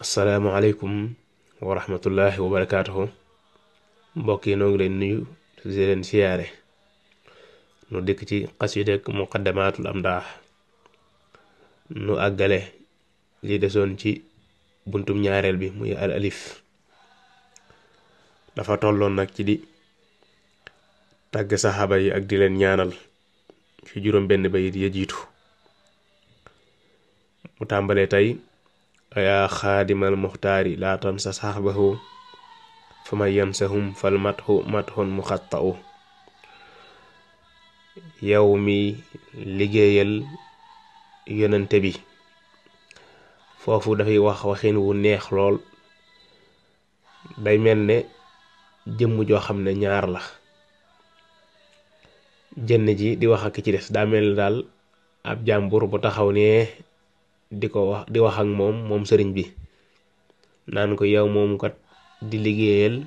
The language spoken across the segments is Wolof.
asalaamualeykum wa rahmatullahi wa barakaatuhu mbokk yi noo ngi leen nuyu leen siyaare nu dikk ci xasidak muqaddamatul amdaax nu àggale li desoon ci buntum ñaareel bi muy alif dafa tolloon nag ci di tàgg saxaaba yi ak di leen ñaanal ci juróom benn bayit ya jiitu mu tàmbalee tey yaa xaadimal muxtaari laa tansa saxbahu fa ma yamsahum fal matxu matxun muxatta'u yow mi liggéeyal yonente bi foofu dafay wax waxin wu neex lool day mel ne jëmm joo xam ne ñaar la jënn ji di wax ki ci des daa mel ne daal ab jàmbur bu taxaw ne di ko wax di wax ak moom moom sëriñ bi naan ko yow moomu kat di liggéeyal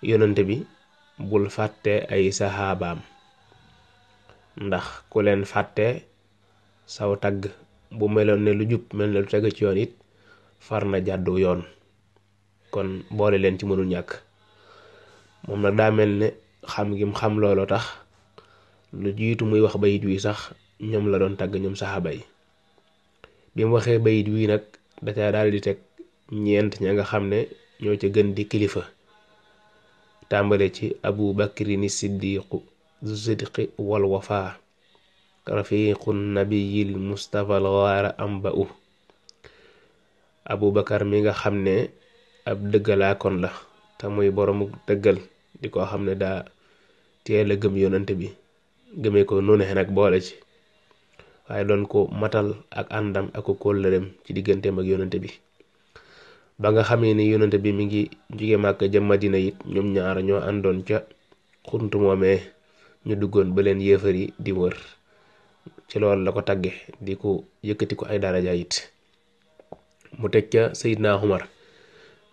yonante bi bul fàtte ay saxaabaam ndax ku leen fàtte saw tagg bu meloon ne lu jub mel ne lu teg ci yoon it far na jàddu yoon kon boole leen ci mënul ñàkk moom nag daa mel ne xam gi xam looloo tax lu jiitu muy wax bayit wi sax ñoom la doon tagg ñoom saxaaba yi bi waxee bayit wii nag da caa di teg ñeent ña nga xam ne ñoo ca gën di kilifa tàmbale ci abu bakri ni siddiqu zu sidqi wal wafaa rafiqu nabiyil mustafa al waara am ba u abu bakar mi nga xam ne ab dëggalaakoon la te muy boroomu dëggal di ko xam ne daa teel a gëm yonante bi gëmee ko nu ne nag boole ci waaye doon ko matal ak àndam ak kóllëreem ci digganteem ak yonante bi ba nga xamee ni yonante bi mi ngi jóge Màkka jëm Madina ñoom ñaar ñoo àndoon ca xunt moomee ñu duggoon ba leen yéefar di wër ci loolu la ko tagge di ko yëkkati ko ay daraja it mu teg ca Seydina Umar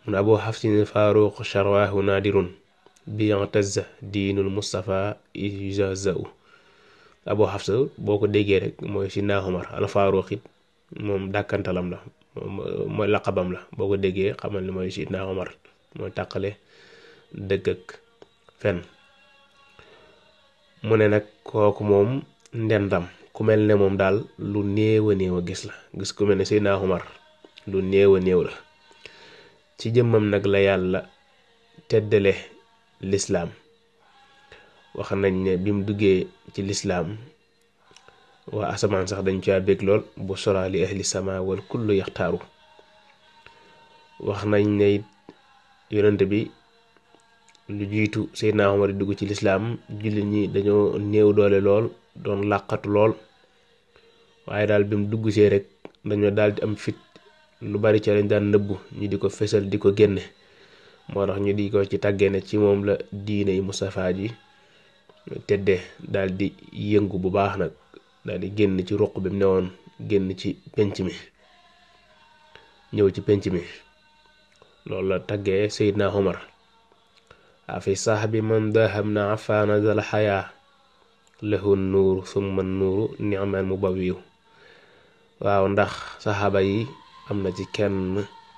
mun abu xafsin faaruq charwaahu naadirun bi yantazza diinul mustapha ijazaw Abu Hafsa boo ko déggee rek mooy Sidna Omar alfaaruq it moom dàkkantalam la mooy laqabam la boo ko déggee xamal ni mooy Sidna Omar mooy tàqale dëgg ak fen mu ne nag kooku moom ndendam ku mel ne moom daal lu néew a gis la gis ku mel ne Sidna Omar lu néew néew la ci jëmmam nag la yàlla teddale lislaam wax nañ ne bi mu duggee ci lislaam waa asamaan sax dañ caa bég lool bu soraa li ahli sama wal kullu yaxtaaru wax nañ ne it yonent bi lu jiitu Seydina Omar dugg ci lislaam jullit ñi dañoo néew doole lool doon làqatu lool waaye daal bi mu dugg see rek dañoo daal di am fit lu bari ca lañ daan nëbbu ñu di ko fesal di ko génne moo tax ñu di ko ci tàggee ne ci moom la diine yi Mustafaa ji tedde daal di yëngu bu baax nag daal di génn ci ruq bi mu newoon génn ci penc mi ñëw ci penc mi loolu la taggee na Omar afi sax bi mën daham na afaana dal xayaa lahu nuur summa nuuru ni'mal mu bawiyu waaw ndax saxaaba yi am na ci kenn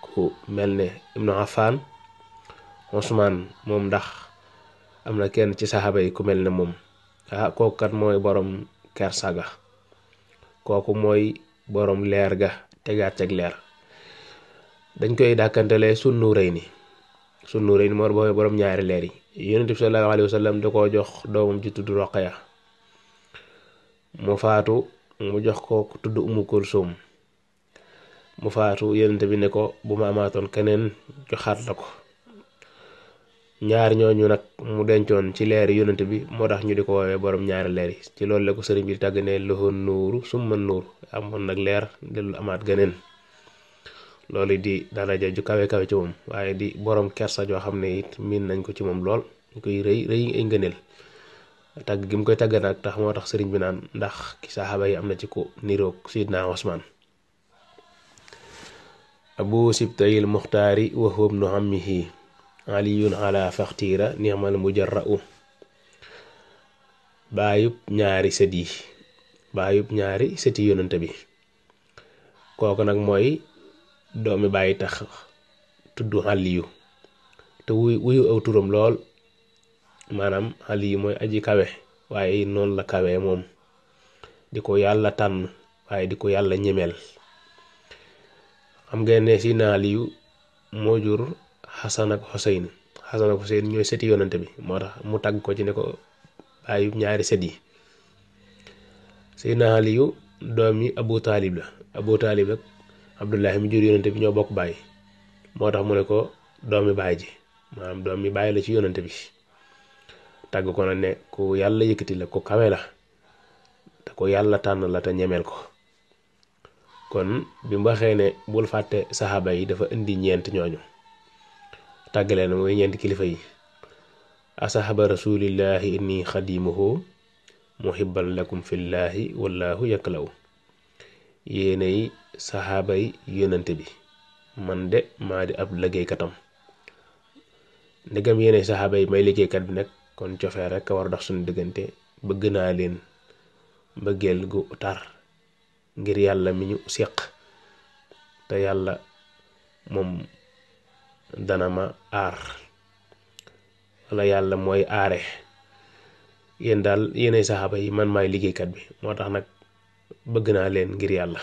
ku mel ne ibnu afaan Usmaan moom ndax am na kenn ci saxaaba yi ku mel ne moom ah kooku kat mooy boroom kersa ga kooku mooy boroom leer ga tegaat ak leer dañ koy dàkkantelee sunnu rëy ni sunnu rëy ni moo booy borom ñaari leer yi yonent bi sallallahu alayhi da koo jox doomam ci tudd ya mu faatu mu jox ko ku tudd Umu Kulsum mu faatu yonent bi ni ko bu ma amaatoon keneen joxaat la ko. ñaar ñooñu nag mu dencoon ci leeri yonent bi moo tax ñu di ko woowee borom ñaari leer yi ci loolu la ko sëriñ bi tàgg ne loxoon nuuru summa nuuru amoon nag leer dellu amaat gëneen loolu di daraja ju kawe kawe ci moom waaye di boroom kersa joo xam ne it miin nañ ko ci moom lool ñu koy rëy rëy ay ngëneel tagg gi mu koy tagg nag tax moo tax sëriñ bi naan ndax ki saxaaba yi am na ci ku niroog sidna Usmaan abu sibtayil muxtaari wa huwa ibnu aliyun ala faxtiira ni'mal mujarra'u baayub ñaari sët yi baayub ñaari sëti yonante bi kooku nag mooy doomi bàyyi tax tudd aliyu te wuy wuyu aw turam lool maanaam yi mooy aji kawe waaye noonu la kawe moom di ko yàlla tànn waaye di ko yàlla ñemeel xam nga ne si na aliyu moo jur xasan ak xoseyn xasan ak xoseyn ñooy seti yonante bi moo tax mu tàgg ko ci ne ko bàyyi ñaari set yi Seydina Aliyu doom yi Abu Taalib la Abu Taalib ak Abdullahi mi jur yonante bi ñoo bokk bàyyi moo tax mu ne ko doomi baay ji maanaam doom mi bàyyi la ci yonante bi tàgg ko na ne ku yàlla yëkkati la ku kawe la te ku yàlla tànn la te ñemeel ko kon bi mu ne bul fàtte saxaaba yi dafa indi ñeent ñooñu tàggalee na mooy ñeenti kilifa yi asaxaba rasulillahi inni xadimuhu muhibban lakum fillahi wallahu yaklaw yéenay saxaaba yi yónnante bi man de maa di ab liggéeykatam ndegam yéenay saxaaba yi may liggéeykat bi nag kon cofee rek a war dox suñu diggante bëgg naa leen mbëggeel gu tar ngir yàlla mi ñu seq te yàlla moom dana ma aar wala yàlla mooy aare yéen daal yéenay saxaaba yi man maay liggéeykat bi moo tax nag bëgg naa leen ngir yàlla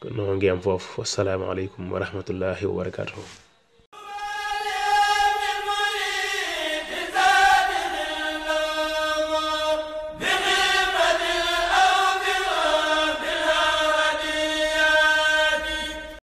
ko noo ngi am foofu wasalaamaaleykum wa rahmatullahi wa barakaatuhu